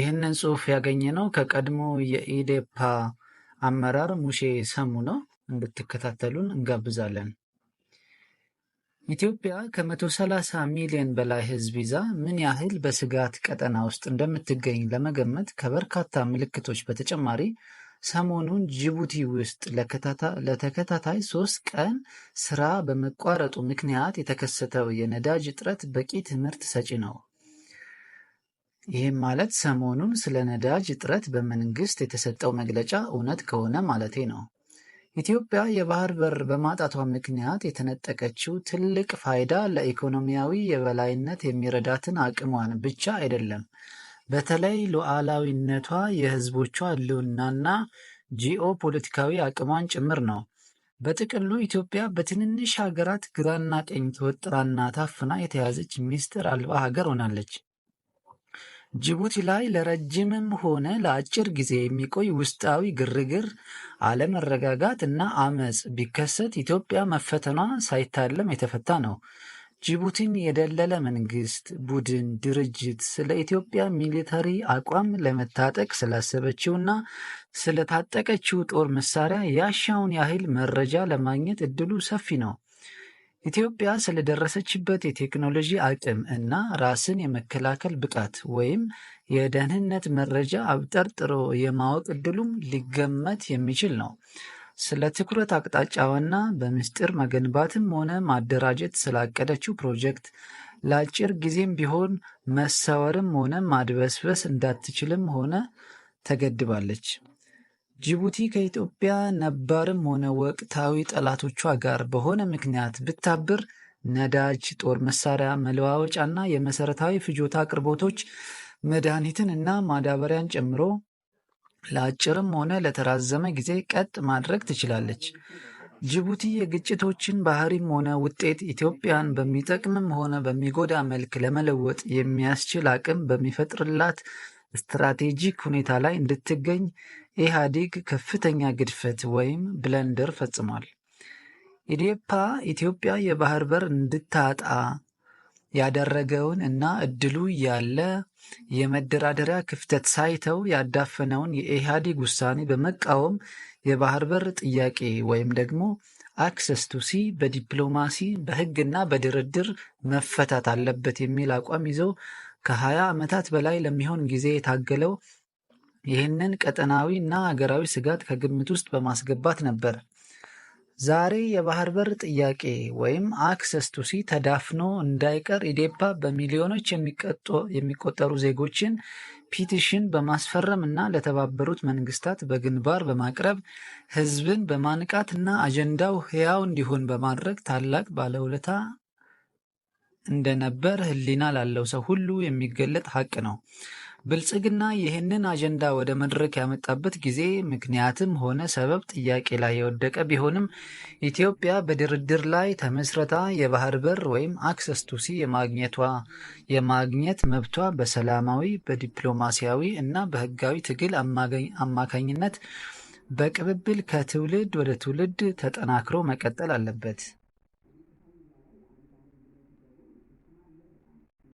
ይህንን ጽሁፍ ያገኘ ነው ከቀድሞ የኢዴፓ አመራር ሙሼ ሰሙ ነው። እንድትከታተሉን እንጋብዛለን። ኢትዮጵያ ከ130 ሚሊዮን በላይ ህዝብ ይዛ ምን ያህል በስጋት ቀጠና ውስጥ እንደምትገኝ ለመገመት ከበርካታ ምልክቶች በተጨማሪ ሰሞኑን ጅቡቲ ውስጥ ለተከታታይ ሶስት ቀን ስራ በመቋረጡ ምክንያት የተከሰተው የነዳጅ እጥረት በቂ ትምህርት ሰጪ ነው። ይህም ማለት ሰሞኑን ስለ ነዳጅ እጥረት በመንግስት የተሰጠው መግለጫ እውነት ከሆነ ማለቴ ነው። ኢትዮጵያ የባህር በር በማጣቷ ምክንያት የተነጠቀችው ትልቅ ፋይዳ ለኢኮኖሚያዊ የበላይነት የሚረዳትን አቅሟን ብቻ አይደለም፣ በተለይ ሉዓላዊነቷ፣ የህዝቦቿ ሕልውናና ጂኦ ፖለቲካዊ አቅሟን ጭምር ነው። በጥቅሉ ኢትዮጵያ በትንንሽ ሀገራት ግራና ቀኝ ተወጥራና ታፍና የተያዘች ምስጢር አልባ ሀገር ሆናለች። ጅቡቲ ላይ ለረጅምም ሆነ ለአጭር ጊዜ የሚቆይ ውስጣዊ ግርግር፣ አለመረጋጋት እና አመፅ ቢከሰት ኢትዮጵያ መፈተኗ ሳይታለም የተፈታ ነው። ጅቡቲን የደለለ መንግስት፣ ቡድን፣ ድርጅት ስለ ኢትዮጵያ ሚሊተሪ አቋም ለመታጠቅ ስላሰበችውና ስለታጠቀችው ጦር መሳሪያ ያሻውን ያህል መረጃ ለማግኘት እድሉ ሰፊ ነው። ኢትዮጵያ ስለደረሰችበት የቴክኖሎጂ አቅም እና ራስን የመከላከል ብቃት ወይም የደህንነት መረጃ አብጠርጥሮ የማወቅ እድሉም ሊገመት የሚችል ነው። ስለ ትኩረት አቅጣጫውና በምስጢር መገንባትም ሆነ ማደራጀት ስላቀደችው ፕሮጀክት ለአጭር ጊዜም ቢሆን መሰወርም ሆነ ማድበስበስ እንዳትችልም ሆነ ተገድባለች። ጅቡቲ ከኢትዮጵያ ነባርም ሆነ ወቅታዊ ጠላቶቿ ጋር በሆነ ምክንያት ብታብር ነዳጅ፣ ጦር መሳሪያ፣ መለዋወጫና የመሰረታዊ ፍጆታ አቅርቦቶች መድኃኒትን እና ማዳበሪያን ጨምሮ ለአጭርም ሆነ ለተራዘመ ጊዜ ቀጥ ማድረግ ትችላለች። ጅቡቲ የግጭቶችን ባህሪም ሆነ ውጤት ኢትዮጵያን በሚጠቅምም ሆነ በሚጎዳ መልክ ለመለወጥ የሚያስችል አቅም በሚፈጥርላት ስትራቴጂክ ሁኔታ ላይ እንድትገኝ ኢህአዴግ ከፍተኛ ግድፈት ወይም ብለንደር ፈጽሟል። ኢዴፓ ኢትዮጵያ የባህር በር እንድታጣ ያደረገውን እና እድሉ ያለ የመደራደሪያ ክፍተት ሳይተው ያዳፈነውን የኢህአዴግ ውሳኔ በመቃወም የባህር በር ጥያቄ ወይም ደግሞ አክሰስ ቱ ሲ በዲፕሎማሲ በህግና በድርድር መፈታት አለበት የሚል አቋም ይዘው ከ20 ዓመታት በላይ ለሚሆን ጊዜ የታገለው ይህንን ቀጠናዊ እና አገራዊ ስጋት ከግምት ውስጥ በማስገባት ነበር ዛሬ የባህር በር ጥያቄ ወይም አክሰስ ቱ ሲ ተዳፍኖ እንዳይቀር ኢዴፓ በሚሊዮኖች የሚቆጠሩ ዜጎችን ፒቲሽን በማስፈረም እና ለተባበሩት መንግስታት በግንባር በማቅረብ ህዝብን በማንቃት እና አጀንዳው ህያው እንዲሆን በማድረግ ታላቅ ባለውለታ እንደነበር ህሊና ላለው ሰው ሁሉ የሚገለጥ ሀቅ ነው። ብልጽግና ይህንን አጀንዳ ወደ መድረክ ያመጣበት ጊዜ ምክንያትም ሆነ ሰበብ ጥያቄ ላይ የወደቀ ቢሆንም ኢትዮጵያ በድርድር ላይ ተመስረታ የባህር በር ወይም አክሰስ ቱሲ የማግኘቷ የማግኘት መብቷ በሰላማዊ በዲፕሎማሲያዊ እና በህጋዊ ትግል አማካኝነት በቅብብል ከትውልድ ወደ ትውልድ ተጠናክሮ መቀጠል አለበት።